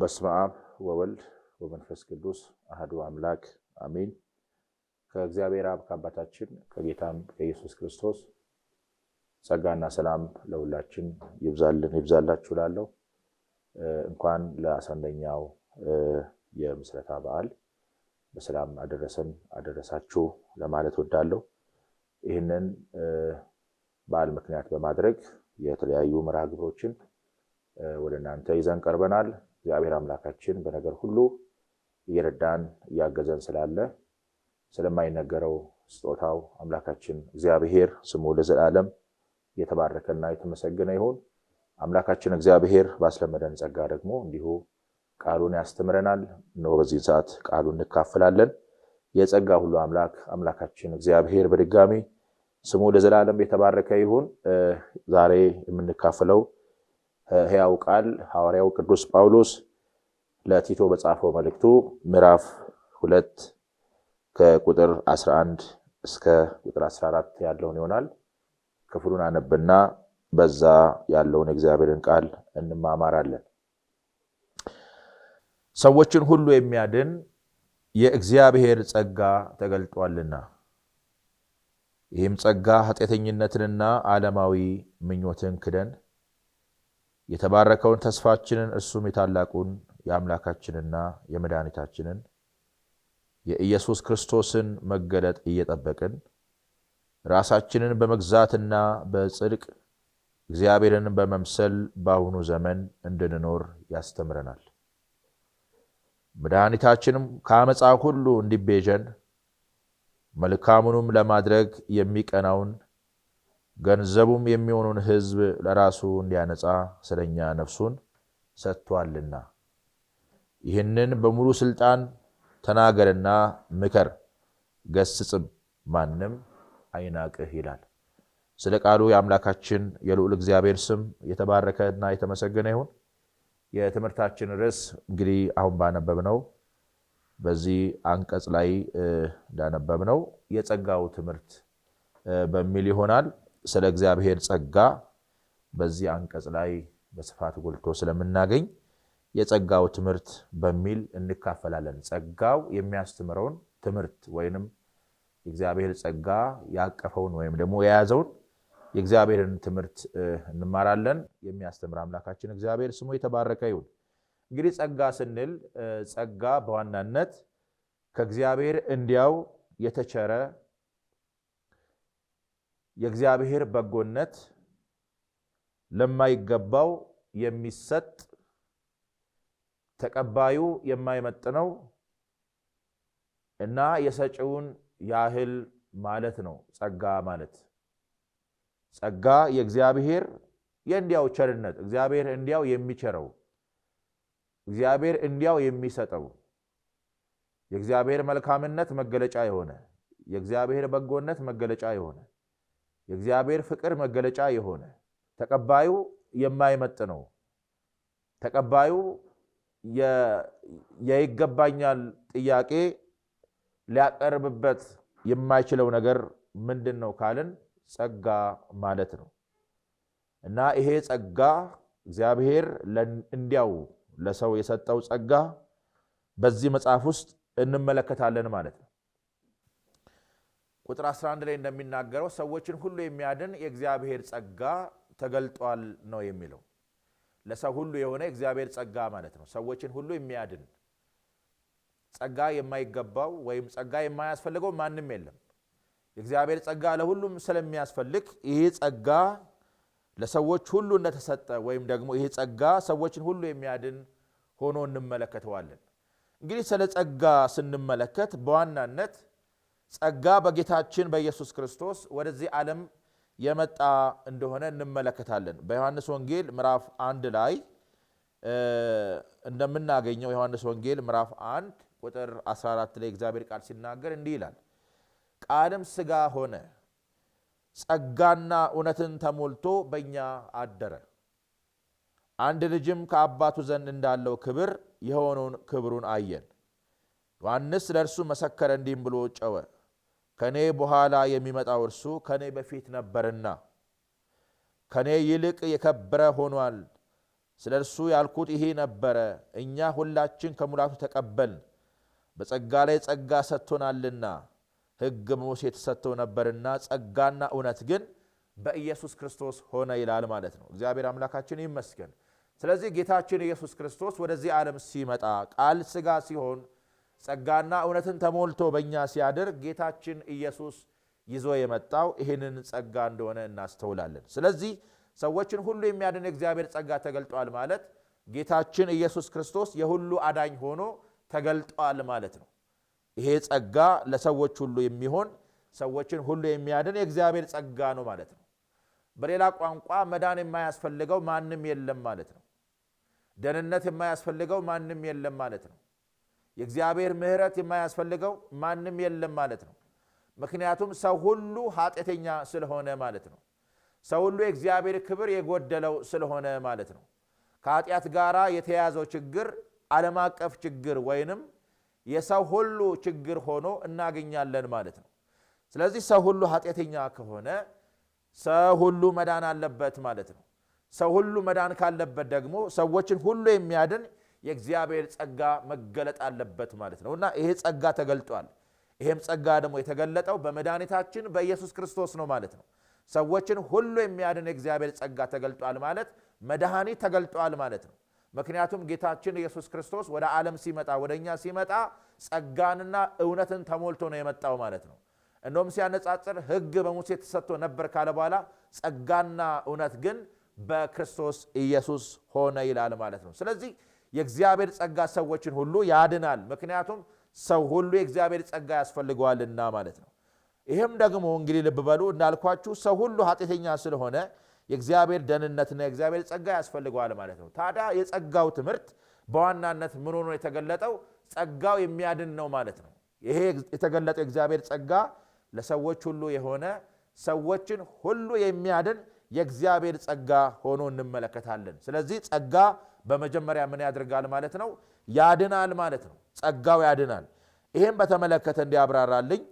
በስመ አብ ወወልድ ወመንፈስ ቅዱስ አህዱ አምላክ አሜን። ከእግዚአብሔር አብ ከአባታችን ከጌታም ከኢየሱስ ክርስቶስ ጸጋና ሰላም ለሁላችን ይብዛልን ይብዛላችሁ እላለሁ። እንኳን ለአስራ አንደኛው የምስረታ በዓል በሰላም አደረሰን አደረሳችሁ ለማለት ወዳለሁ። ይህንን በዓል ምክንያት በማድረግ የተለያዩ መርሃ ግብሮችን ወደ እናንተ ይዘን ቀርበናል። እግዚአብሔር አምላካችን በነገር ሁሉ እየረዳን እያገዘን ስላለ ስለማይነገረው ስጦታው አምላካችን እግዚአብሔር ስሙ ለዘላለም የተባረከና የተመሰገነ ይሁን። አምላካችን እግዚአብሔር ባስለመደን ጸጋ ደግሞ እንዲሁ ቃሉን ያስተምረናል። እነሆ በዚህን ሰዓት ቃሉን እንካፈላለን። የጸጋ ሁሉ አምላክ አምላካችን እግዚአብሔር በድጋሚ ስሙ ለዘላለም የተባረከ ይሁን። ዛሬ የምንካፍለው ሕያው ቃል ሐዋርያው ቅዱስ ጳውሎስ ለቲቶ በጻፈው መልእክቱ ምዕራፍ ሁለት ከቁጥር 11 እስከ ቁጥር 14 ያለውን ይሆናል። ክፍሉን አነብና በዛ ያለውን እግዚአብሔርን ቃል እንማማራለን። ሰዎችን ሁሉ የሚያድን የእግዚአብሔር ጸጋ ተገልጧልና ይህም ጸጋ ኃጢአተኝነትንና ዓለማዊ ምኞትን ክደን የተባረከውን ተስፋችንን እርሱም የታላቁን የአምላካችንና የመድኃኒታችንን የኢየሱስ ክርስቶስን መገለጥ እየጠበቅን ራሳችንን በመግዛትና በጽድቅ እግዚአብሔርን በመምሰል በአሁኑ ዘመን እንድንኖር ያስተምረናል። መድኃኒታችንም ከአመፃ ሁሉ እንዲቤዠን መልካሙንም ለማድረግ የሚቀናውን ገንዘቡም የሚሆኑን ሕዝብ ለራሱ እንዲያነጻ ስለኛ ነፍሱን ሰጥቷልና ይህንን በሙሉ ስልጣን ተናገርና ምከር፣ ገስጽም፣ ማንም አይናቅህ ይላል። ስለ ቃሉ የአምላካችን የልዑል እግዚአብሔር ስም የተባረከ እና የተመሰገነ ይሁን። የትምህርታችን ርዕስ እንግዲህ አሁን ባነበብነው በዚህ አንቀጽ ላይ እንዳነበብነው የጸጋው ትምህርት በሚል ይሆናል። ስለ እግዚአብሔር ጸጋ በዚህ አንቀጽ ላይ በስፋት ጎልቶ ስለምናገኝ የጸጋው ትምህርት በሚል እንካፈላለን። ጸጋው የሚያስተምረውን ትምህርት ወይንም የእግዚአብሔር ጸጋ ያቀፈውን ወይም ደግሞ የያዘውን የእግዚአብሔርን ትምህርት እንማራለን። የሚያስተምር አምላካችን እግዚአብሔር ስሙ የተባረከ ይሁን። እንግዲህ ጸጋ ስንል ጸጋ በዋናነት ከእግዚአብሔር እንዲያው የተቸረ የእግዚአብሔር በጎነት ለማይገባው የሚሰጥ ተቀባዩ የማይመጥነው እና የሰጪውን ያህል ማለት ነው። ጸጋ ማለት ጸጋ የእግዚአብሔር የእንዲያው ቸርነት እግዚአብሔር እንዲያው የሚቸረው እግዚአብሔር እንዲያው የሚሰጠው የእግዚአብሔር መልካምነት መገለጫ የሆነ የእግዚአብሔር በጎነት መገለጫ የሆነ የእግዚአብሔር ፍቅር መገለጫ የሆነ ተቀባዩ የማይመጥ ነው። ተቀባዩ የይገባኛል ጥያቄ ሊያቀርብበት የማይችለው ነገር ምንድን ነው ካልን ጸጋ ማለት ነው። እና ይሄ ጸጋ እግዚአብሔር እንዲያው ለሰው የሰጠው ጸጋ በዚህ መጽሐፍ ውስጥ እንመለከታለን ማለት ነው። ቁጥር 11 ላይ እንደሚናገረው ሰዎችን ሁሉ የሚያድን የእግዚአብሔር ጸጋ ተገልጧል ነው የሚለው። ለሰው ሁሉ የሆነ የእግዚአብሔር ጸጋ ማለት ነው። ሰዎችን ሁሉ የሚያድን ጸጋ የማይገባው ወይም ጸጋ የማያስፈልገው ማንም የለም። የእግዚአብሔር ጸጋ ለሁሉም ስለሚያስፈልግ ይህ ጸጋ ለሰዎች ሁሉ እንደተሰጠ ወይም ደግሞ ይህ ጸጋ ሰዎችን ሁሉ የሚያድን ሆኖ እንመለከተዋለን። እንግዲህ ስለ ጸጋ ስንመለከት በዋናነት ጸጋ በጌታችን በኢየሱስ ክርስቶስ ወደዚህ ዓለም የመጣ እንደሆነ እንመለከታለን። በዮሐንስ ወንጌል ምዕራፍ አንድ ላይ እንደምናገኘው ዮሐንስ ወንጌል ምዕራፍ አንድ ቁጥር 14 ላይ እግዚአብሔር ቃል ሲናገር እንዲህ ይላል፣ ቃልም ስጋ ሆነ ጸጋና እውነትን ተሞልቶ በእኛ አደረ። አንድ ልጅም ከአባቱ ዘንድ እንዳለው ክብር የሆነውን ክብሩን አየን። ዮሐንስ ለእርሱ መሰከረ፣ እንዲህም ብሎ ጨወ ከእኔ በኋላ የሚመጣው እርሱ ከእኔ በፊት ነበርና ከእኔ ይልቅ የከበረ ሆኗል። ስለ እርሱ ያልኩት ይሄ ነበረ። እኛ ሁላችን ከሙላቱ ተቀበልን፣ በጸጋ ላይ ጸጋ ሰጥቶናልና። ህግ ሙሴ ተሰጥቶ ነበርና ጸጋና እውነት ግን በኢየሱስ ክርስቶስ ሆነ ይላል ማለት ነው። እግዚአብሔር አምላካችን ይመስገን። ስለዚህ ጌታችን ኢየሱስ ክርስቶስ ወደዚህ ዓለም ሲመጣ ቃል ስጋ ሲሆን ጸጋና እውነትን ተሞልቶ በእኛ ሲያደርግ ጌታችን ኢየሱስ ይዞ የመጣው ይህንን ጸጋ እንደሆነ እናስተውላለን። ስለዚህ ሰዎችን ሁሉ የሚያድን የእግዚአብሔር ጸጋ ተገልጧል ማለት ጌታችን ኢየሱስ ክርስቶስ የሁሉ አዳኝ ሆኖ ተገልጧል ማለት ነው። ይሄ ጸጋ ለሰዎች ሁሉ የሚሆን ሰዎችን ሁሉ የሚያድን የእግዚአብሔር ጸጋ ነው ማለት ነው። በሌላ ቋንቋ መዳን የማያስፈልገው ማንም የለም ማለት ነው። ደህንነት የማያስፈልገው ማንም የለም ማለት ነው። የእግዚአብሔር ምህረት የማያስፈልገው ማንም የለም ማለት ነው። ምክንያቱም ሰው ሁሉ ኃጢአተኛ ስለሆነ ማለት ነው። ሰው ሁሉ የእግዚአብሔር ክብር የጎደለው ስለሆነ ማለት ነው። ከኃጢአት ጋር የተያዘው ችግር ዓለም አቀፍ ችግር ወይንም የሰው ሁሉ ችግር ሆኖ እናገኛለን ማለት ነው። ስለዚህ ሰው ሁሉ ኃጢአተኛ ከሆነ ሰው ሁሉ መዳን አለበት ማለት ነው። ሰው ሁሉ መዳን ካለበት ደግሞ ሰዎችን ሁሉ የሚያድን የእግዚአብሔር ጸጋ መገለጥ አለበት ማለት ነው እና ይሄ ጸጋ ተገልጧል። ይሄም ጸጋ ደግሞ የተገለጠው በመድኃኒታችን በኢየሱስ ክርስቶስ ነው ማለት ነው። ሰዎችን ሁሉ የሚያድን የእግዚአብሔር ጸጋ ተገልጧል ማለት መድኃኒት ተገልጧል ማለት ነው። ምክንያቱም ጌታችን ኢየሱስ ክርስቶስ ወደ ዓለም ሲመጣ ወደ እኛ ሲመጣ ጸጋንና እውነትን ተሞልቶ ነው የመጣው ማለት ነው። እንደውም ሲያነጻጽር ሕግ በሙሴ ተሰጥቶ ነበር ካለ በኋላ ጸጋና እውነት ግን በክርስቶስ ኢየሱስ ሆነ ይላል ማለት ነው። ስለዚህ የእግዚአብሔር ጸጋ ሰዎችን ሁሉ ያድናል። ምክንያቱም ሰው ሁሉ የእግዚአብሔር ጸጋ ያስፈልገዋልና ማለት ነው። ይህም ደግሞ እንግዲህ ልብ በሉ እንዳልኳችሁ ሰው ሁሉ ኃጢአተኛ ስለሆነ የእግዚአብሔር ደህንነትና የእግዚአብሔር ጸጋ ያስፈልገዋል ማለት ነው። ታዲያ የጸጋው ትምህርት በዋናነት ምን ሆኖ የተገለጠው? ጸጋው የሚያድን ነው ማለት ነው። ይሄ የተገለጠው የእግዚአብሔር ጸጋ ለሰዎች ሁሉ የሆነ ሰዎችን ሁሉ የሚያድን የእግዚአብሔር ጸጋ ሆኖ እንመለከታለን። ስለዚህ ጸጋ በመጀመሪያ ምን ያደርጋል ማለት ነው? ያድናል ማለት ነው። ጸጋው ያድናል። ይህም በተመለከተ እንዲያብራራልኝ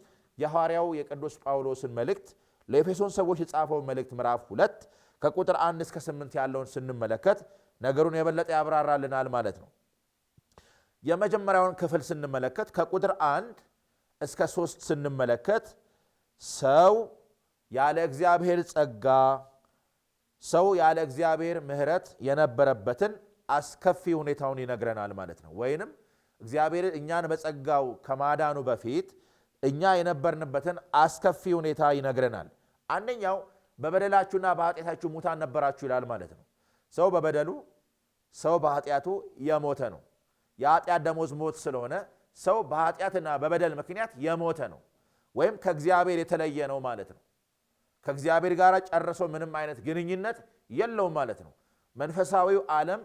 የሐዋርያው የቅዱስ ጳውሎስን መልእክት ለኤፌሶን ሰዎች የጻፈውን መልእክት ምዕራፍ ሁለት ከቁጥር አንድ እስከ ስምንት ያለውን ስንመለከት ነገሩን የበለጠ ያብራራልናል ማለት ነው። የመጀመሪያውን ክፍል ስንመለከት ከቁጥር አንድ እስከ ሶስት ስንመለከት ሰው ያለ እግዚአብሔር ጸጋ ሰው ያለ እግዚአብሔር ምሕረት የነበረበትን አስከፊ ሁኔታውን ይነግረናል ማለት ነው። ወይንም እግዚአብሔር እኛን በጸጋው ከማዳኑ በፊት እኛ የነበርንበትን አስከፊ ሁኔታ ይነግረናል። አንደኛው በበደላችሁና በኃጢአታችሁ ሙታን ነበራችሁ ይላል ማለት ነው። ሰው በበደሉ ሰው በኃጢአቱ የሞተ ነው። የኃጢአት ደሞዝ ሞት ስለሆነ ሰው በኃጢአትና በበደል ምክንያት የሞተ ነው፣ ወይም ከእግዚአብሔር የተለየ ነው ማለት ነው። ከእግዚአብሔር ጋር ጨርሶ ምንም አይነት ግንኙነት የለውም ማለት ነው። መንፈሳዊው ዓለም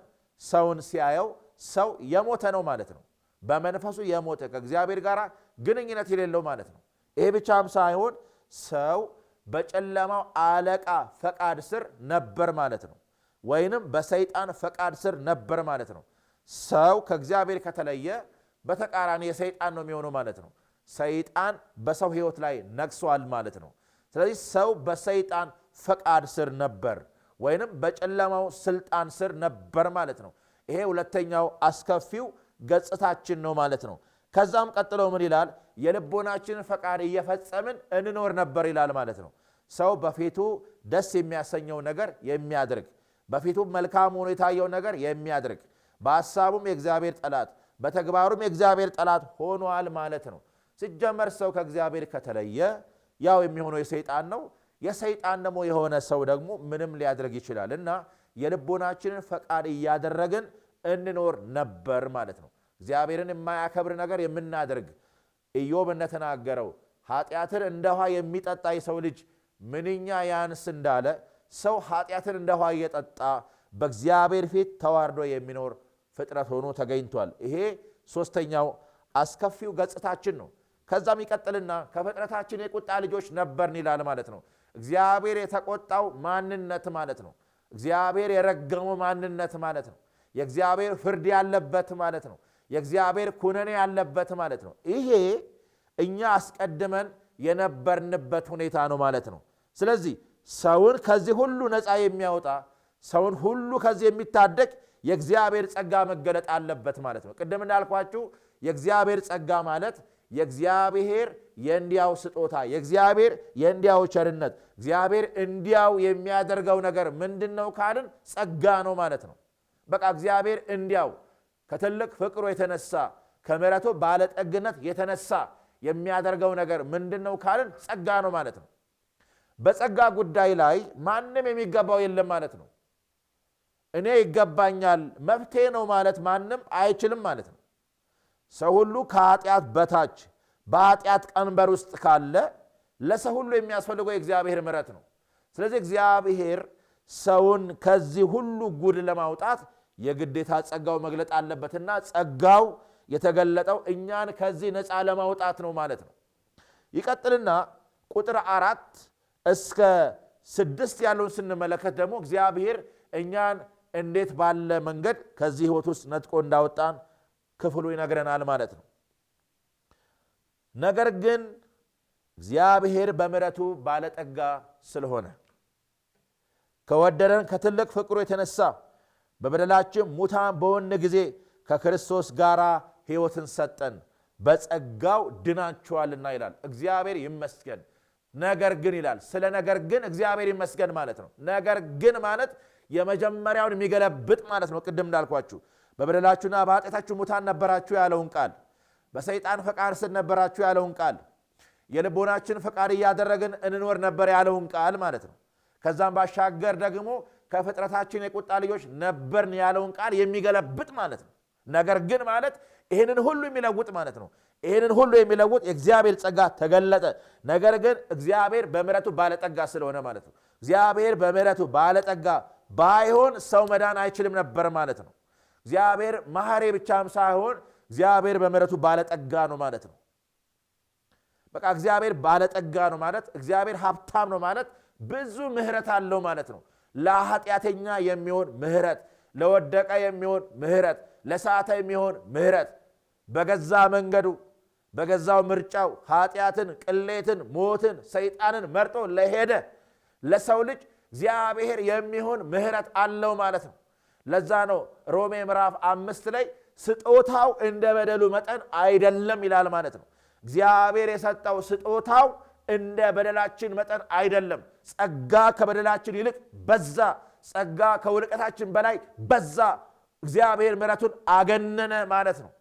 ሰውን ሲያየው ሰው የሞተ ነው ማለት ነው። በመንፈሱ የሞተ ከእግዚአብሔር ጋር ግንኙነት የሌለው ማለት ነው። ይሄ ብቻም ሳይሆን ሰው በጨለማው አለቃ ፈቃድ ስር ነበር ማለት ነው። ወይንም በሰይጣን ፈቃድ ስር ነበር ማለት ነው። ሰው ከእግዚአብሔር ከተለየ በተቃራኒ የሰይጣን ነው የሚሆነው ማለት ነው። ሰይጣን በሰው ሕይወት ላይ ነግሷል ማለት ነው። ስለዚህ ሰው በሰይጣን ፈቃድ ስር ነበር። ወይንም በጨለማው ስልጣን ስር ነበር ማለት ነው። ይሄ ሁለተኛው አስከፊው ገጽታችን ነው ማለት ነው። ከዛም ቀጥሎ ምን ይላል? የልቦናችንን ፈቃድ እየፈጸምን እንኖር ነበር ይላል ማለት ነው። ሰው በፊቱ ደስ የሚያሰኘው ነገር የሚያድርግ፣ በፊቱ መልካም ሆኖ የታየው ነገር የሚያድርግ፣ በሀሳቡም የእግዚአብሔር ጠላት በተግባሩም የእግዚአብሔር ጠላት ሆኗል ማለት ነው። ሲጀመር ሰው ከእግዚአብሔር ከተለየ ያው የሚሆነው የሰይጣን ነው። የሰይጣን ደግሞ የሆነ ሰው ደግሞ ምንም ሊያደርግ ይችላል እና የልቦናችንን ፈቃድ እያደረግን እንኖር ነበር ማለት ነው። እግዚአብሔርን የማያከብር ነገር የምናደርግ ኢዮብ እንደተናገረው ኃጢአትን እንደ ውሃ የሚጠጣ የሰው ልጅ ምንኛ ያንስ እንዳለ ሰው ኃጢአትን እንደ ውሃ እየጠጣ በእግዚአብሔር ፊት ተዋርዶ የሚኖር ፍጥረት ሆኖ ተገኝቷል። ይሄ ሶስተኛው አስከፊው ገጽታችን ነው። ከዛም ይቀጥልና ከፍጥረታችን የቁጣ ልጆች ነበርን ይላል ማለት ነው። እግዚአብሔር የተቆጣው ማንነት ማለት ነው። እግዚአብሔር የረገመው ማንነት ማለት ነው። የእግዚአብሔር ፍርድ ያለበት ማለት ነው። የእግዚአብሔር ኩነኔ ያለበት ማለት ነው። ይሄ እኛ አስቀድመን የነበርንበት ሁኔታ ነው ማለት ነው። ስለዚህ ሰውን ከዚህ ሁሉ ነፃ የሚያወጣ ሰውን ሁሉ ከዚህ የሚታደግ የእግዚአብሔር ጸጋ መገለጥ አለበት ማለት ነው። ቅድም እንዳልኳችሁ የእግዚአብሔር ጸጋ ማለት የእግዚአብሔር የእንዲያው ስጦታ የእግዚአብሔር የእንዲያው ቸርነት እግዚአብሔር እንዲያው የሚያደርገው ነገር ምንድን ነው ካልን ጸጋ ነው ማለት ነው። በቃ እግዚአብሔር እንዲያው ከትልቅ ፍቅሩ የተነሳ ከምሕረቱ ባለጠግነት የተነሳ የሚያደርገው ነገር ምንድን ነው ካልን ጸጋ ነው ማለት ነው። በጸጋ ጉዳይ ላይ ማንም የሚገባው የለም ማለት ነው። እኔ ይገባኛል መፍትሄ ነው ማለት ማንም አይችልም ማለት ነው። ሰው ሁሉ ከኃጢአት በታች በኃጢአት ቀንበር ውስጥ ካለ ለሰው ሁሉ የሚያስፈልገው የእግዚአብሔር ምረት ነው። ስለዚህ እግዚአብሔር ሰውን ከዚህ ሁሉ ጉድ ለማውጣት የግዴታ ጸጋው መግለጥ አለበትና ጸጋው የተገለጠው እኛን ከዚህ ነፃ ለማውጣት ነው ማለት ነው። ይቀጥልና ቁጥር አራት እስከ ስድስት ያለውን ስንመለከት ደግሞ እግዚአብሔር እኛን እንዴት ባለ መንገድ ከዚህ ህይወት ውስጥ ነጥቆ እንዳወጣን ክፍሉ ይነግረናል ማለት ነው። ነገር ግን እግዚአብሔር በምሕረቱ ባለጠጋ ስለሆነ ከወደደን ከትልቅ ፍቅሩ የተነሳ በበደላችን ሙታን በሆነ ጊዜ ከክርስቶስ ጋር ሕይወትን ሰጠን፣ በጸጋው ድናችኋልና ይላል። እግዚአብሔር ይመስገን። ነገር ግን ይላል። ስለ ነገር ግን እግዚአብሔር ይመስገን ማለት ነው። ነገር ግን ማለት የመጀመሪያውን የሚገለብጥ ማለት ነው። ቅድም እንዳልኳችሁ በበደላችሁና በኃጢአታችሁ ሙታን ነበራችሁ ያለውን ቃል በሰይጣን ፈቃድ ስር ነበራችሁ ያለውን ቃል የልቦናችን ፈቃድ እያደረግን እንኖር ነበር ያለውን ቃል ማለት ነው። ከዛም ባሻገር ደግሞ ከፍጥረታችን የቁጣ ልጆች ነበርን ያለውን ቃል የሚገለብጥ ማለት ነው። ነገር ግን ማለት ይህንን ሁሉ የሚለውጥ ማለት ነው። ይህንን ሁሉ የሚለውጥ የእግዚአብሔር ጸጋ ተገለጠ። ነገር ግን እግዚአብሔር በምሕረቱ ባለጠጋ ስለሆነ ማለት ነው። እግዚአብሔር በምሕረቱ ባለጠጋ ባይሆን ሰው መዳን አይችልም ነበር ማለት ነው። እግዚአብሔር መሐሪ ብቻም ሳይሆን እግዚአብሔር በምሕረቱ ባለጠጋ ነው ማለት ነው። በቃ እግዚአብሔር ባለጠጋ ነው ማለት እግዚአብሔር ሀብታም ነው ማለት ብዙ ምሕረት አለው ማለት ነው። ለኃጢአተኛ የሚሆን ምሕረት፣ ለወደቀ የሚሆን ምሕረት፣ ለሳተ የሚሆን ምሕረት በገዛ መንገዱ በገዛው ምርጫው ኃጢአትን፣ ቅሌትን፣ ሞትን፣ ሰይጣንን መርጦ ለሄደ ለሰው ልጅ እግዚአብሔር የሚሆን ምሕረት አለው ማለት ነው። ለዛ ነው ሮሜ ምዕራፍ አምስት ላይ ስጦታው እንደ በደሉ መጠን አይደለም ይላል ማለት ነው። እግዚአብሔር የሰጠው ስጦታው እንደ በደላችን መጠን አይደለም። ጸጋ ከበደላችን ይልቅ በዛ፣ ጸጋ ከውልቀታችን በላይ በዛ። እግዚአብሔር ምሕረቱን አገነነ ማለት ነው።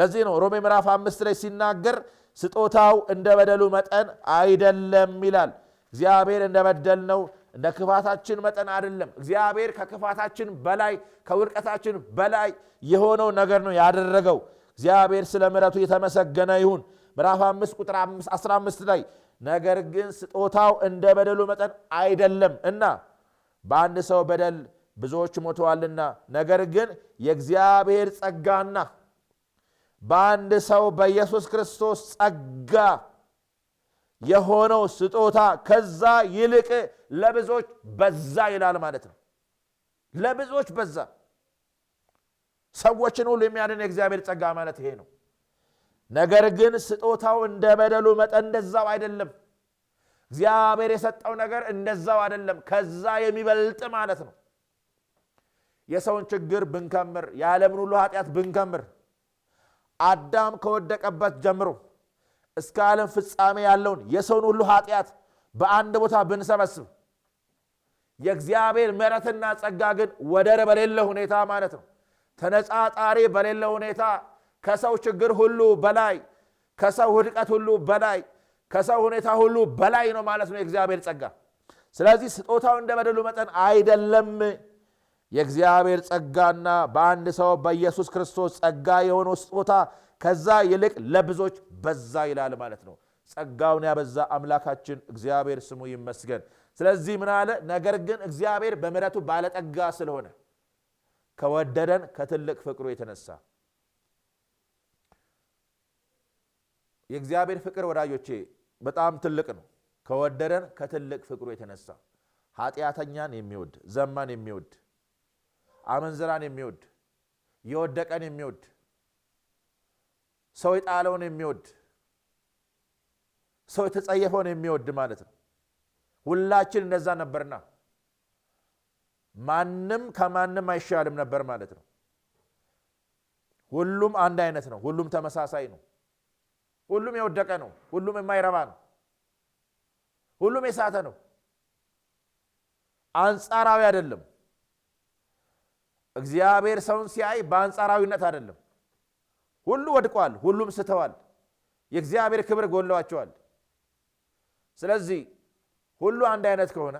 ለዚህ ነው ሮሜ ምዕራፍ አምስት ላይ ሲናገር ስጦታው እንደ በደሉ መጠን አይደለም ይላል። እግዚአብሔር እንደ በደል ነው እንደ ክፋታችን መጠን አይደለም። እግዚአብሔር ከክፋታችን በላይ ከውድቀታችን በላይ የሆነው ነገር ነው ያደረገው። እግዚአብሔር ስለ ምሕረቱ የተመሰገነ ይሁን። ምዕራፍ 5 ቁጥር 15 ላይ ነገር ግን ስጦታው እንደ በደሉ መጠን አይደለም እና በአንድ ሰው በደል ብዙዎች ሞተዋልና፣ ነገር ግን የእግዚአብሔር ጸጋና በአንድ ሰው በኢየሱስ ክርስቶስ ጸጋ የሆነው ስጦታ ከዛ ይልቅ ለብዙዎች በዛ ይላል ማለት ነው። ለብዙዎች በዛ ሰዎችን ሁሉ የሚያድን የእግዚአብሔር ጸጋ ማለት ይሄ ነው። ነገር ግን ስጦታው እንደ በደሉ መጠን እንደዛው አይደለም። እግዚአብሔር የሰጠው ነገር እንደዛው አይደለም፣ ከዛ የሚበልጥ ማለት ነው። የሰውን ችግር ብንከምር፣ የዓለምን ሁሉ ኃጢአት ብንከምር አዳም ከወደቀበት ጀምሮ እስከ ዓለም ፍጻሜ ያለውን የሰውን ሁሉ ኃጢአት በአንድ ቦታ ብንሰበስብ የእግዚአብሔር ምሕረትና ጸጋ ግን ወደር በሌለ ሁኔታ ማለት ነው፣ ተነጻጣሪ በሌለ ሁኔታ ከሰው ችግር ሁሉ በላይ ከሰው ውድቀት ሁሉ በላይ ከሰው ሁኔታ ሁሉ በላይ ነው ማለት ነው የእግዚአብሔር ጸጋ። ስለዚህ ስጦታው እንደ በደሉ መጠን አይደለም። የእግዚአብሔር ጸጋና በአንድ ሰው በኢየሱስ ክርስቶስ ጸጋ የሆነው ስጦታ ከዛ ይልቅ ለብዙዎች በዛ ይላል ማለት ነው። ጸጋውን ያበዛ አምላካችን እግዚአብሔር ስሙ ይመስገን። ስለዚህ ምን አለ? ነገር ግን እግዚአብሔር በምሕረቱ ባለጠጋ ስለሆነ ከወደደን ከትልቅ ፍቅሩ የተነሳ የእግዚአብሔር ፍቅር ወዳጆቼ በጣም ትልቅ ነው። ከወደደን ከትልቅ ፍቅሩ የተነሳ ኃጢአተኛን የሚወድ ዘማን የሚወድ አመንዝራን የሚወድ የወደቀን የሚወድ ሰው የጣለውን የሚወድ ሰው የተጸየፈውን የሚወድ ማለት ነው። ሁላችን እነዛ ነበርና ማንም ከማንም አይሻልም ነበር ማለት ነው። ሁሉም አንድ አይነት ነው። ሁሉም ተመሳሳይ ነው። ሁሉም የወደቀ ነው። ሁሉም የማይረባ ነው። ሁሉም የሳተ ነው። አንጻራዊ አይደለም። እግዚአብሔር ሰውን ሲያይ በአንጻራዊነት አይደለም። ሁሉ ወድቋል። ሁሉም ስተዋል። የእግዚአብሔር ክብር ጎለዋቸዋል። ስለዚህ ሁሉ አንድ አይነት ከሆነ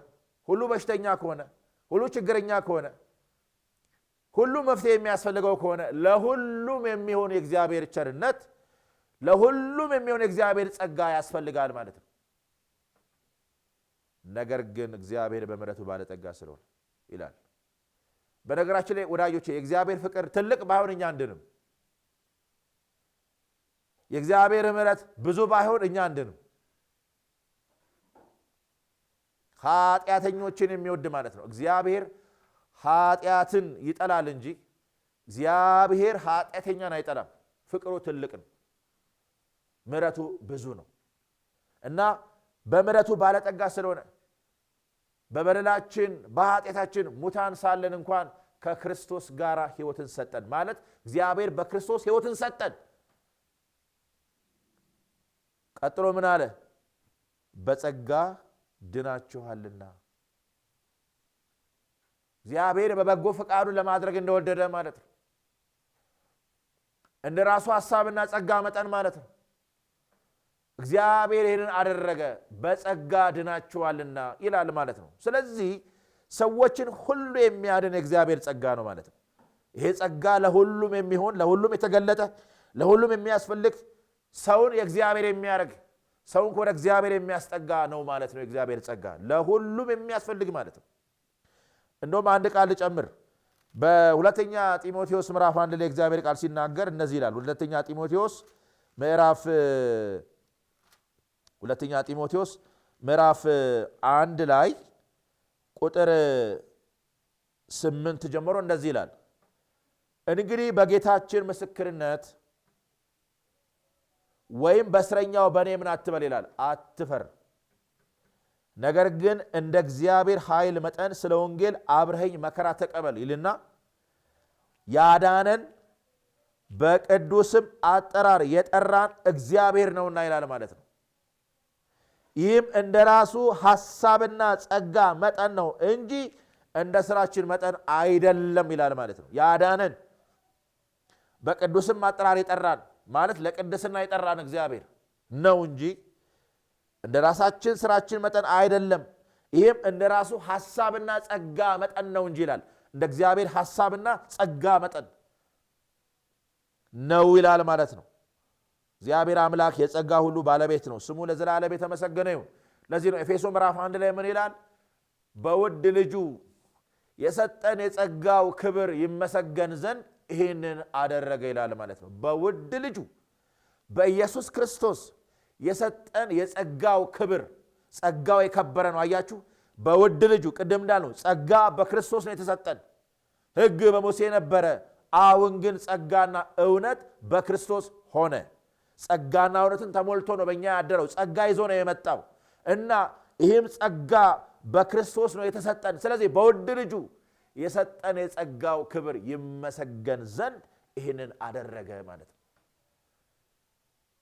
ሁሉ በሽተኛ ከሆነ ሁሉ ችግረኛ ከሆነ ሁሉ መፍትሄ የሚያስፈልገው ከሆነ ለሁሉም የሚሆን የእግዚአብሔር ቸርነት ለሁሉም የሚሆን የእግዚአብሔር ጸጋ ያስፈልጋል ማለት ነው። ነገር ግን እግዚአብሔር በምረቱ ባለጠጋ ስለሆነ ይላል። በነገራችን ላይ ወዳጆች የእግዚአብሔር ፍቅር ትልቅ ባይሆን እኛ አንድንም፣ የእግዚአብሔር ምረት ብዙ ባይሆን እኛ አንድንም ኃጢአተኞችን የሚወድ ማለት ነው። እግዚአብሔር ኃጢአትን ይጠላል እንጂ እግዚአብሔር ኃጢአተኛን አይጠላም። ፍቅሩ ትልቅ ነው፣ ምሕረቱ ብዙ ነው እና በምሕረቱ ባለጠጋ ስለሆነ በበደላችን በኃጢአታችን ሙታን ሳለን እንኳን ከክርስቶስ ጋር ሕይወትን ሰጠን ማለት እግዚአብሔር በክርስቶስ ሕይወትን ሰጠን። ቀጥሎ ምን አለ? በጸጋ ድናችኋልና እግዚአብሔር በበጎ ፈቃዱ ለማድረግ እንደወደደ ማለት ነው። እንደ ራሱ ሀሳብና ጸጋ መጠን ማለት ነው። እግዚአብሔር ይህንን አደረገ፣ በጸጋ ድናችኋልና ይላል ማለት ነው። ስለዚህ ሰዎችን ሁሉ የሚያድን የእግዚአብሔር ጸጋ ነው ማለት ነው። ይሄ ጸጋ ለሁሉም የሚሆን ለሁሉም የተገለጠ ለሁሉም የሚያስፈልግ ሰውን የእግዚአብሔር የሚያደርግ ሰውን ከወደ እግዚአብሔር የሚያስጠጋ ነው ማለት ነው። እግዚአብሔር ጸጋ ለሁሉም የሚያስፈልግ ማለት ነው። እንደውም አንድ ቃል ልጨምር። በሁለተኛ ጢሞቴዎስ ምዕራፍ አንድ ላይ እግዚአብሔር ቃል ሲናገር እነዚህ ይላል። ሁለተኛ ጢሞቴዎስ ምዕራፍ ሁለተኛ ጢሞቴዎስ ምዕራፍ አንድ ላይ ቁጥር ስምንት ጀምሮ እንደዚህ ይላል። እንግዲህ በጌታችን ምስክርነት ወይም በእስረኛው በእኔ ምን አትበል ይላል። አትፈር፣ ነገር ግን እንደ እግዚአብሔር ኃይል መጠን ስለ ወንጌል አብረኸኝ መከራ ተቀበል ይልና ያዳነን በቅዱስም አጠራር የጠራን እግዚአብሔር ነውና ይላል ማለት ነው። ይህም እንደ ራሱ ሐሳብና ጸጋ መጠን ነው እንጂ እንደ ስራችን መጠን አይደለም ይላል ማለት ነው። ያዳነን በቅዱስም አጠራር የጠራን ማለት ለቅድስና የጠራን እግዚአብሔር ነው እንጂ እንደ ራሳችን ስራችን መጠን አይደለም። ይህም እንደ ራሱ ሐሳብና ጸጋ መጠን ነው እንጂ ይላል። እንደ እግዚአብሔር ሐሳብና ጸጋ መጠን ነው ይላል ማለት ነው። እግዚአብሔር አምላክ የጸጋ ሁሉ ባለቤት ነው። ስሙ ለዘላለም የተመሰገነ ይሁን። ለዚህ ነው ኤፌሶ ምዕራፍ አንድ ላይ ምን ይላል? በውድ ልጁ የሰጠን የጸጋው ክብር ይመሰገን ዘንድ ይህንን አደረገ ይላል ማለት ነው። በውድ ልጁ በኢየሱስ ክርስቶስ የሰጠን የጸጋው ክብር ጸጋው የከበረ ነው። አያችሁ፣ በውድ ልጁ ቅድም እንዳልነው ጸጋ በክርስቶስ ነው የተሰጠን። ሕግ በሙሴ ነበረ፣ አሁን ግን ጸጋና እውነት በክርስቶስ ሆነ። ጸጋና እውነትን ተሞልቶ ነው በእኛ ያደረው። ጸጋ ይዞ ነው የመጣው እና ይህም ጸጋ በክርስቶስ ነው የተሰጠን። ስለዚህ በውድ ልጁ የሰጠን የጸጋው ክብር ይመሰገን ዘንድ ይህንን አደረገ ማለት ነው።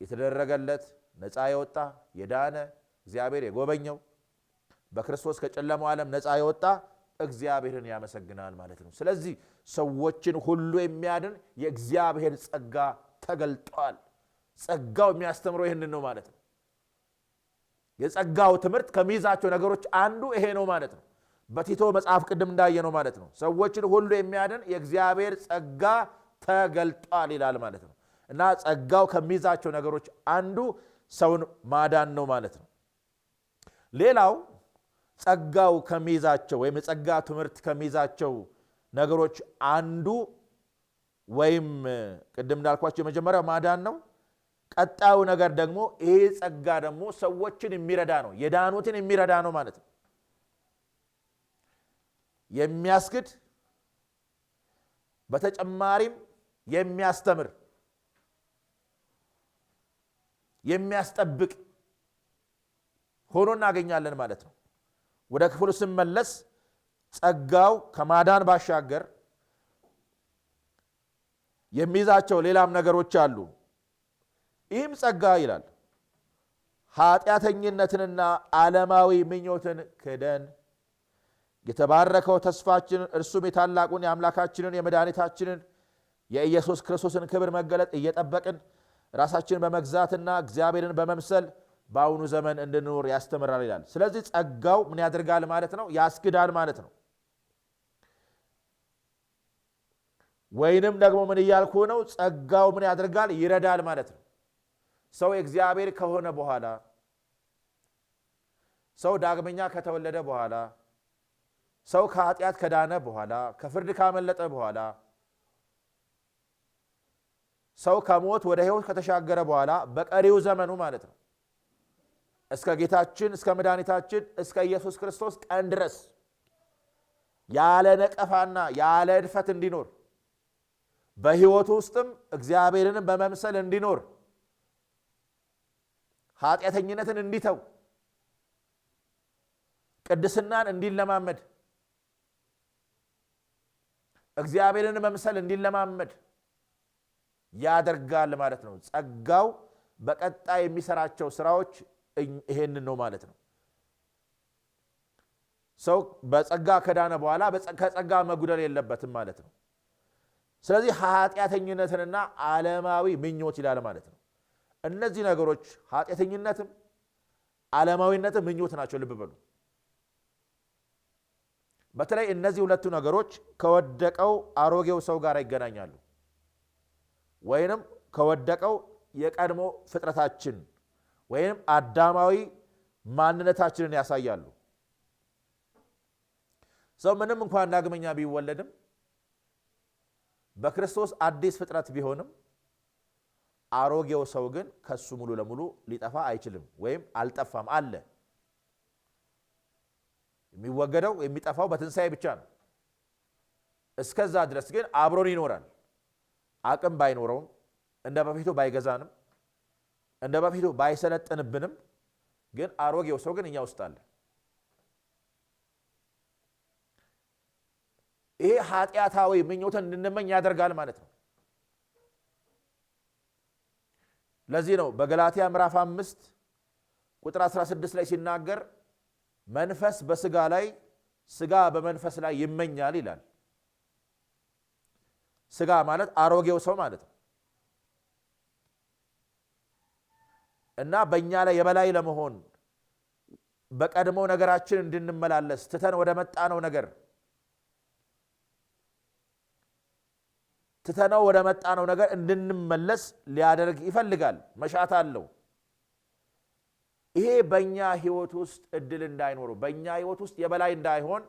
የተደረገለት ነፃ የወጣ የዳነ እግዚአብሔር የጎበኘው በክርስቶስ ከጨለማው ዓለም ነፃ የወጣ እግዚአብሔርን ያመሰግናል ማለት ነው። ስለዚህ ሰዎችን ሁሉ የሚያድን የእግዚአብሔር ጸጋ ተገልጧል። ጸጋው የሚያስተምረው ይህንን ነው ማለት ነው። የጸጋው ትምህርት ከሚይዛቸው ነገሮች አንዱ ይሄ ነው ማለት ነው። በቲቶ መጽሐፍ ቅድም እንዳየ ነው ማለት ነው። ሰዎችን ሁሉ የሚያድን የእግዚአብሔር ጸጋ ተገልጧል ይላል ማለት ነው። እና ጸጋው ከሚይዛቸው ነገሮች አንዱ ሰውን ማዳን ነው ማለት ነው። ሌላው ጸጋው ከሚይዛቸው ወይም የጸጋ ትምህርት ከሚይዛቸው ነገሮች አንዱ ወይም ቅድም እንዳልኳቸው የመጀመሪያው ማዳን ነው። ቀጣዩ ነገር ደግሞ ይህ ጸጋ ደግሞ ሰዎችን የሚረዳ ነው፣ የዳኑትን የሚረዳ ነው ማለት ነው። የሚያስግድ በተጨማሪም የሚያስተምር የሚያስጠብቅ ሆኖ እናገኛለን ማለት ነው። ወደ ክፍሉ ስንመለስ ጸጋው ከማዳን ባሻገር የሚይዛቸው ሌላም ነገሮች አሉ። ይህም ጸጋ ይላል ኃጢአተኝነትንና ዓለማዊ ምኞትን ክደን የተባረከው ተስፋችን እርሱም የታላቁን የአምላካችንን የመድኃኒታችንን የኢየሱስ ክርስቶስን ክብር መገለጥ እየጠበቅን ራሳችንን በመግዛትና እግዚአብሔርን በመምሰል በአሁኑ ዘመን እንድንኖር ያስተምራል ይላል። ስለዚህ ጸጋው ምን ያደርጋል ማለት ነው? ያስግዳል ማለት ነው። ወይንም ደግሞ ምን እያልኩ ነው? ጸጋው ምን ያደርጋል? ይረዳል ማለት ነው። ሰው እግዚአብሔር ከሆነ በኋላ ሰው ዳግመኛ ከተወለደ በኋላ ሰው ከኃጢአት ከዳነ በኋላ ከፍርድ ካመለጠ በኋላ ሰው ከሞት ወደ ህይወት ከተሻገረ በኋላ በቀሪው ዘመኑ ማለት ነው እስከ ጌታችን እስከ መድኃኒታችን እስከ ኢየሱስ ክርስቶስ ቀን ድረስ ያለ ነቀፋና ያለ እድፈት እንዲኖር በህይወቱ ውስጥም እግዚአብሔርንም በመምሰል እንዲኖር ኃጢአተኝነትን እንዲተው ቅድስናን እንዲለማመድ እግዚአብሔርን መምሰል እንዲለማመድ ያደርጋል ማለት ነው። ጸጋው በቀጣ የሚሰራቸው ስራዎች ይሄንን ነው ማለት ነው። ሰው በጸጋ ከዳነ በኋላ ከጸጋ መጉደል የለበትም ማለት ነው። ስለዚህ ኃጢአተኝነትንና ዓለማዊ ምኞት ይላል ማለት ነው። እነዚህ ነገሮች ኃጢአተኝነትም ዓለማዊነትም ምኞት ናቸው። ልብ በሉ። በተለይ እነዚህ ሁለቱ ነገሮች ከወደቀው አሮጌው ሰው ጋር ይገናኛሉ፣ ወይንም ከወደቀው የቀድሞ ፍጥረታችን ወይንም አዳማዊ ማንነታችንን ያሳያሉ። ሰው ምንም እንኳን ዳግመኛ ቢወለድም በክርስቶስ አዲስ ፍጥረት ቢሆንም አሮጌው ሰው ግን ከሱ ሙሉ ለሙሉ ሊጠፋ አይችልም፣ ወይም አልጠፋም አለ የሚወገደው የሚጠፋው በትንሣኤ ብቻ ነው። እስከዛ ድረስ ግን አብሮን ይኖራል። አቅም ባይኖረውም፣ እንደ በፊቱ ባይገዛንም፣ እንደ በፊቱ ባይሰለጥንብንም ግን አሮጌው ሰው ግን እኛ ውስጥ አለ። ይሄ ኃጢአታዊ ምኞትን እንድንመኝ ያደርጋል ማለት ነው። ለዚህ ነው በገላትያ ምዕራፍ አምስት ቁጥር 16 ላይ ሲናገር መንፈስ በስጋ ላይ ስጋ በመንፈስ ላይ ይመኛል ይላል። ስጋ ማለት አሮጌው ሰው ማለት ነው እና በእኛ ላይ የበላይ ለመሆን በቀድሞ ነገራችን እንድንመላለስ ትተን ወደ መጣነው ነገር ትተነው ወደ መጣነው ነገር እንድንመለስ ሊያደርግ ይፈልጋል። መሻት አለው። ይሄ በእኛ ህይወት ውስጥ እድል እንዳይኖረው በእኛ ህይወት ውስጥ የበላይ እንዳይሆን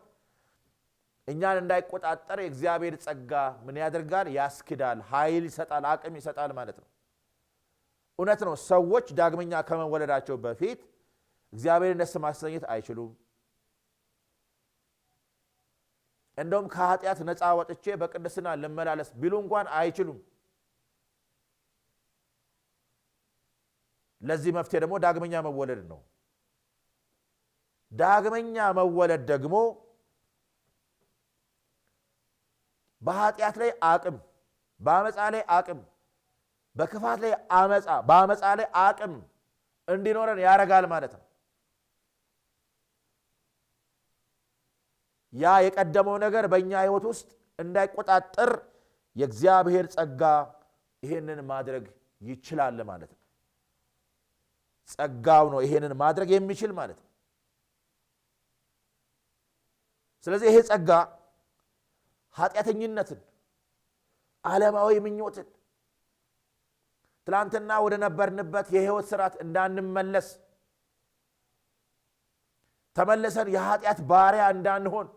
እኛን እንዳይቆጣጠር የእግዚአብሔር ጸጋ ምን ያደርጋል? ያስክዳል፣ ኃይል ይሰጣል፣ አቅም ይሰጣል ማለት ነው። እውነት ነው። ሰዎች ዳግመኛ ከመወለዳቸው በፊት እግዚአብሔርን ደስ ማሰኘት አይችሉም። እንደውም ከኃጢአት ነፃ ወጥቼ በቅድስና ልመላለስ ቢሉ እንኳን አይችሉም። ለዚህ መፍትሄ ደግሞ ዳግመኛ መወለድ ነው። ዳግመኛ መወለድ ደግሞ በኃጢአት ላይ አቅም፣ በአመፃ ላይ አቅም፣ በክፋት ላይ አመፃ፣ በአመፃ ላይ አቅም እንዲኖረን ያደርጋል ማለት ነው። ያ የቀደመው ነገር በእኛ ህይወት ውስጥ እንዳይቆጣጠር የእግዚአብሔር ጸጋ ይህንን ማድረግ ይችላል ማለት ነው። ጸጋው ነው ይሄንን ማድረግ የሚችል ማለት ነው። ስለዚህ ይሄ ጸጋ ኃጢአተኝነትን፣ ዓለማዊ ምኞትን፣ ትላንትና ወደ ነበርንበት የህይወት ስርዓት እንዳንመለስ ተመልሰን የኃጢአት ባሪያ እንዳንሆን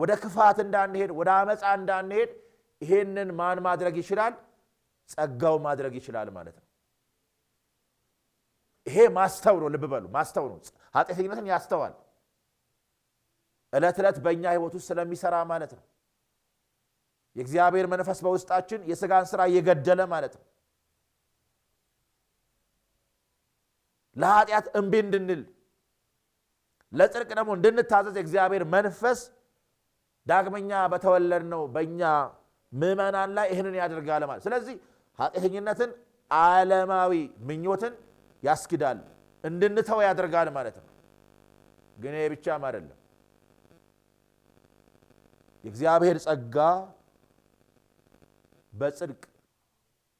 ወደ ክፋት እንዳንሄድ ወደ አመፃ እንዳንሄድ ይሄንን ማን ማድረግ ይችላል? ጸጋው ማድረግ ይችላል ማለት ነው። ይሄ ማስተው ነው። ልብ በሉ ማስተው ነው። ኃጢአተኝነትን ያስተዋል ዕለት ዕለት በእኛ ህይወት ውስጥ ስለሚሰራ ማለት ነው። የእግዚአብሔር መንፈስ በውስጣችን የስጋን ስራ እየገደለ ማለት ነው። ለኃጢአት እምቢ እንድንል ለጽድቅ ደግሞ እንድንታዘዝ የእግዚአብሔር መንፈስ ዳግመኛ በተወለድ ነው በእኛ ምእመናን ላይ ይህንን ያደርጋል ማለት። ስለዚህ ኃጢአተኝነትን ዓለማዊ ምኞትን ያስክዳል፣ እንድንተው ያደርጋል ማለት ነው። ግን ይሄ ብቻም አይደለም። የእግዚአብሔር ጸጋ በጽድቅ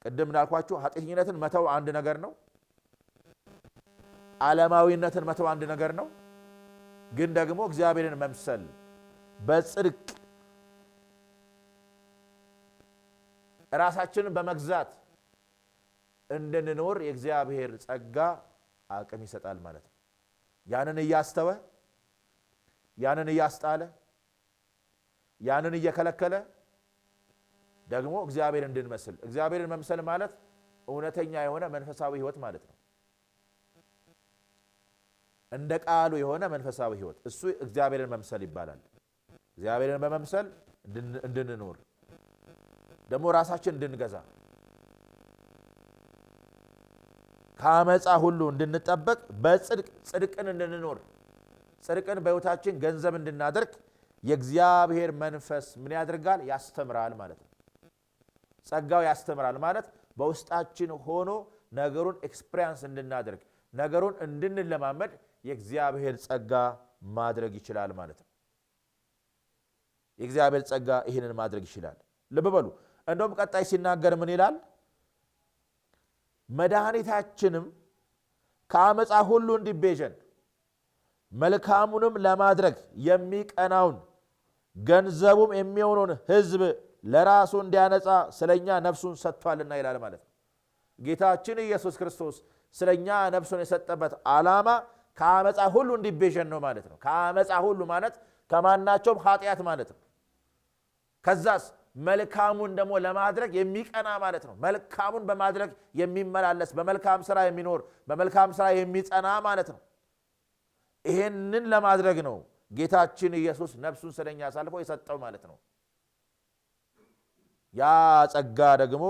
ቅድም እንዳልኳችሁ ኃጢአተኝነትን መተው አንድ ነገር ነው። ዓለማዊነትን መተው አንድ ነገር ነው። ግን ደግሞ እግዚአብሔርን መምሰል በጽድቅ ራሳችንን በመግዛት እንድንኖር የእግዚአብሔር ጸጋ አቅም ይሰጣል ማለት ነው። ያንን እያስተወ ያንን እያስጣለ ያንን እየከለከለ ደግሞ እግዚአብሔር እንድንመስል እግዚአብሔርን መምሰል ማለት እውነተኛ የሆነ መንፈሳዊ ህይወት ማለት ነው። እንደ ቃሉ የሆነ መንፈሳዊ ህይወት እሱ እግዚአብሔርን መምሰል ይባላል። እግዚአብሔርን በመምሰል እንድንኖር ደግሞ ራሳችን እንድንገዛ ከአመፃ ሁሉ እንድንጠበቅ በጽድቅ ጽድቅን እንድንኖር ጽድቅን በሕይወታችን ገንዘብ እንድናደርግ የእግዚአብሔር መንፈስ ምን ያደርጋል? ያስተምራል ማለት ነው። ጸጋው ያስተምራል ማለት በውስጣችን ሆኖ ነገሩን ኤክስፕሪያንስ እንድናደርግ ነገሩን እንድንለማመድ የእግዚአብሔር ጸጋ ማድረግ ይችላል ማለት ነው። የእግዚአብሔር ጸጋ ይህንን ማድረግ ይችላል። ልብ በሉ። እንደውም ቀጣይ ሲናገር ምን ይላል? መድኃኒታችንም ከአመፃ ሁሉ እንዲቤዠን መልካሙንም ለማድረግ የሚቀናውን ገንዘቡም የሚሆነውን ሕዝብ ለራሱ እንዲያነጻ ስለኛ ነፍሱን ሰጥቷልና ይላል ማለት ነው። ጌታችን ኢየሱስ ክርስቶስ ስለኛ ነፍሱን የሰጠበት ዓላማ ከአመፃ ሁሉ እንዲቤዠን ነው ማለት ነው። ከአመፃ ሁሉ ማለት ከማናቸውም ኃጢአት ማለት ነው። ከዛስ መልካሙን ደግሞ ለማድረግ የሚቀና ማለት ነው። መልካሙን በማድረግ የሚመላለስ በመልካም ስራ የሚኖር በመልካም ስራ የሚጸና ማለት ነው። ይሄንን ለማድረግ ነው ጌታችን ኢየሱስ ነፍሱን ስለኛ አሳልፎ የሰጠው ማለት ነው። ያ ጸጋ ደግሞ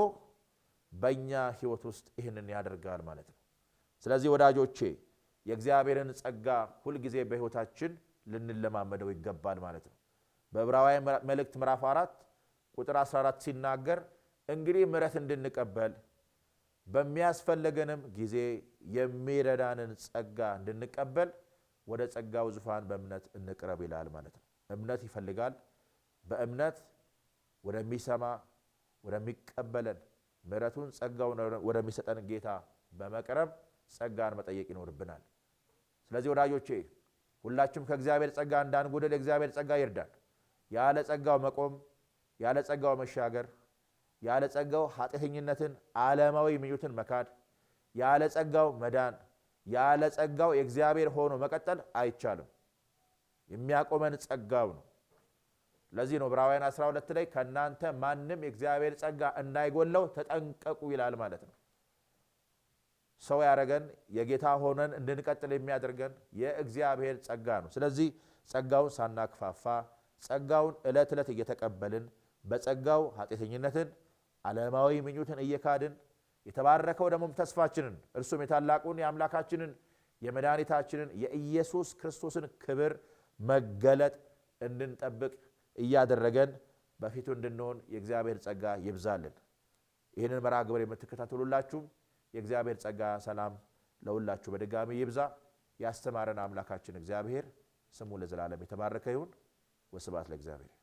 በእኛ ህይወት ውስጥ ይህንን ያደርጋል ማለት ነው። ስለዚህ ወዳጆቼ የእግዚአብሔርን ጸጋ ሁልጊዜ በህይወታችን ልንለማመደው ይገባል ማለት ነው። በዕብራውያን መልእክት ምዕራፍ አራት ቁጥር 14 ሲናገር እንግዲህ ምረት እንድንቀበል በሚያስፈልገንም ጊዜ የሚረዳንን ጸጋ እንድንቀበል ወደ ጸጋው ዙፋን በእምነት እንቅረብ ይላል ማለት ነው። እምነት ይፈልጋል። በእምነት ወደሚሰማ ወደሚቀበለን ምረቱን ጸጋውን ወደሚሰጠን ጌታ በመቅረብ ጸጋን መጠየቅ ይኖርብናል። ስለዚህ ወዳጆቼ ሁላችሁም ከእግዚአብሔር ጸጋ እንዳንጎደል የእግዚአብሔር ጸጋ ይርዳል። ያለ ጸጋው መቆም ያለ ጸጋው መሻገር፣ ያለ ጸጋው ኃጢአተኝነትን ዓለማዊ ምኞትን መካድ፣ ያለ ጸጋው መዳን፣ ያለ ጸጋው የእግዚአብሔር ሆኖ መቀጠል አይቻልም። የሚያቆመን ጸጋው ነው። ለዚህ ነው ዕብራውያን 12 ላይ ከእናንተ ማንም የእግዚአብሔር ጸጋ እንዳይጎለው ተጠንቀቁ ይላል ማለት ነው። ሰው ያደረገን የጌታ ሆነን እንድንቀጥል የሚያደርገን የእግዚአብሔር ጸጋ ነው። ስለዚህ ጸጋውን ሳናክፋፋ ጸጋውን ዕለት ዕለት እየተቀበልን በጸጋው ኃጢአተኝነትን ዓለማዊ ምኞትን እየካድን የተባረከው ደግሞም ተስፋችንን እርሱም የታላቁን የአምላካችንን የመድኃኒታችንን የኢየሱስ ክርስቶስን ክብር መገለጥ እንድንጠብቅ እያደረገን በፊቱ እንድንሆን የእግዚአብሔር ጸጋ ይብዛልን። ይህንን መርሃ ግብር የምትከታተሉላችሁም የእግዚአብሔር ጸጋ ሰላም ለሁላችሁ በድጋሚ ይብዛ። ያስተማረን አምላካችን እግዚአብሔር ስሙ ለዘላለም የተባረከ ይሁን። ወስብሐት ለእግዚአብሔር።